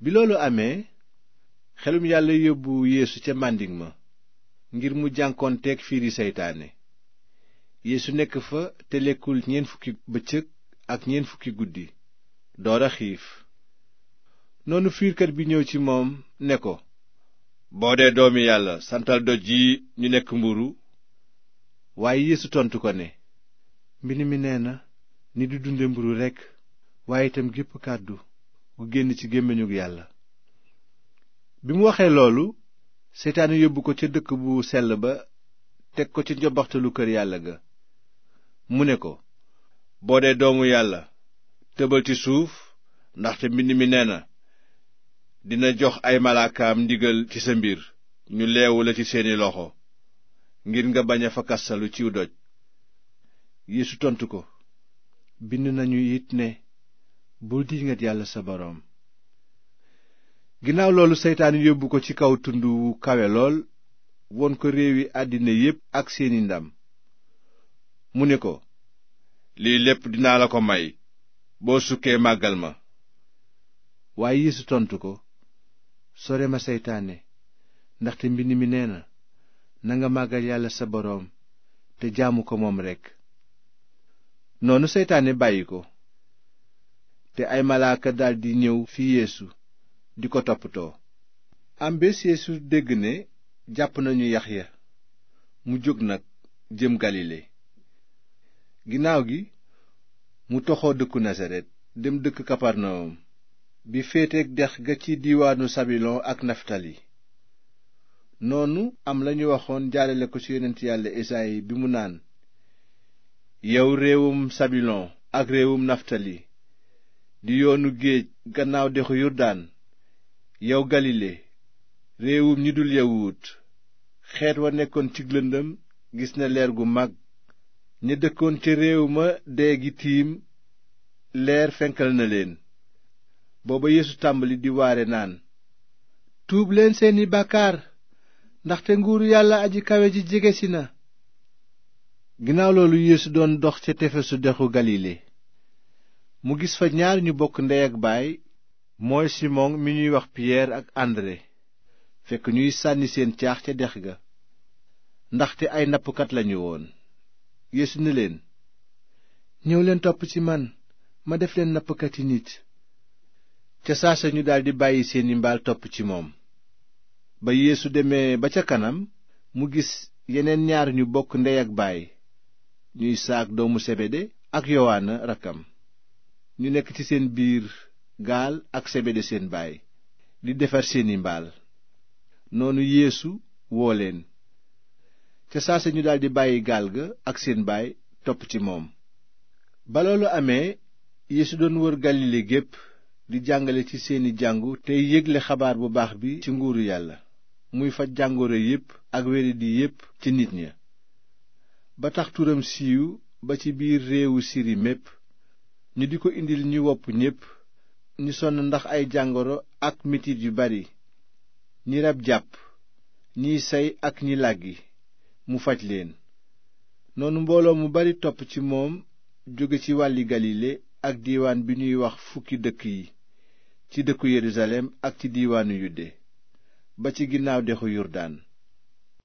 bi loolu amee xelum yàlla yóbbu yeesu ca màndiŋ ma ngir mu jànkoonteeg fiiri seytaane yeesu nekk fa te lekkul ñeent fukki bëccëg ak ñeent fukki guddi door xiif noonu fiirkat bi ñëw ci moom ne ko boo dee doomi yàlla santal doj yi ñu nekk mburu waaye yeesu tontu ko ne mbind mi nee na ni du dunde mburu rekk waaye itam gépp kàddu gu génn ci gémmiñu yàlla bi mu waxee loolu seytaane yóbbu ko ca dëkk bu sell ba teg ko ci njombaxtalu kër yàlla ga mu ne ko boo dee doomu yàlla tëbal ci suuf ndaxte mbind mi nee na dina jox ay malaakaam ndigal ci sa mbir ñu leewu la ci seeni loxo ngir nga bañ a fa kastalu ci doj yéesu tontu ko bind nañu it ne bul diingat yàlla sa boroom ginnaaw loolu seytaan yóbbu ko ci kaw tund wu kawe lool woon ko réew yi àddina yépp ak seeni ndam mu ne ko lii lépp dinaa la ko may boo sukkee màggal ma waaye Yeesu tontu ko sore ma seytaane ndaxte mbind mi nee na nanga màggal yàlla sa boroom te jaamu ko moom rekk noonu seytaane bàyyi ko ay malaaka daldi ñëw fi yeesu di ko toppatoo am bés yeesu dégg ne jàpp nañu yaxya mu jóg nag jëm galile ginnaaw gi mu toxoo dëkku nasaret dem dëkk kaparnawum bi féeteek dex ga ci diiwaanu sabilon ak naftali noonu am lañu waxoon jaarale ko ci yonent yàlla esaayi bi mu naan yow réewum sabilon ak réewum naftali di yoonu géej gannaaw dexu yurdaan yow galile réewum ñi dul yawut xeet wa nekkoon ci lëndëm gis na leer gu mag ña dëkkoon ca réew ma dee gi tiim leer fenkal na leen booba yeesu tàmbali di waare naan tuub leen seeni bàkkaar ndaxte nguuru yàlla aji kawe ji jege si na ginnaaw loolu yeesu doon dox ca tefesu dexu galile mu gis fa ñaar ñu bokk ndey ak baay mooy Simon mi ñuy wax Piyeer ak Andire fekk ñuy sànni seen caax ca dex ga ndaxte ay nappkat lañu woon Yeesu ne leen ñëw leen topp ci man ma def leen nappkati nit ca saasa ñu daldi bàyyi seeni mbaal topp ci moom ba yéesu demee ba ca kanam mu gis yeneen ñaar ñu bokk ndey ak baay ñuy saak doomu Sebede ak Yowaana rakkam ñu nekk ci seen biir gaal ak sebede seen baay di defar seeni mbaal noonu yéesu woo leen ca saase ñu daldi bàyyi gaal ga ak seen baay topp ci moom ba loolu amee yeesu doon wër galile gépp di jàngale ci seeni jàngu tey yégle xabaar bu baax bi ci nguuru yàlla muy faj jàngoro yépp ak wéradi yépp ci nit ña ba tax turam siiw ba ci biir réewu siri mépp ñu di ko indil ñi wopp ñépp ñi sonn ndax ay jàngoro ak mitit yu bari ñi rab jàpp ñiy say ak ñi làggi mu faj leen noonu mbooloo mu bari topp ci moom jóge ci wàlli galile ak diwaan bi ñuy wax fukki dëkk yi ci dëkku yerusalem ak ci diiwaanu yude ba ci ginnaaw dexu yurdaan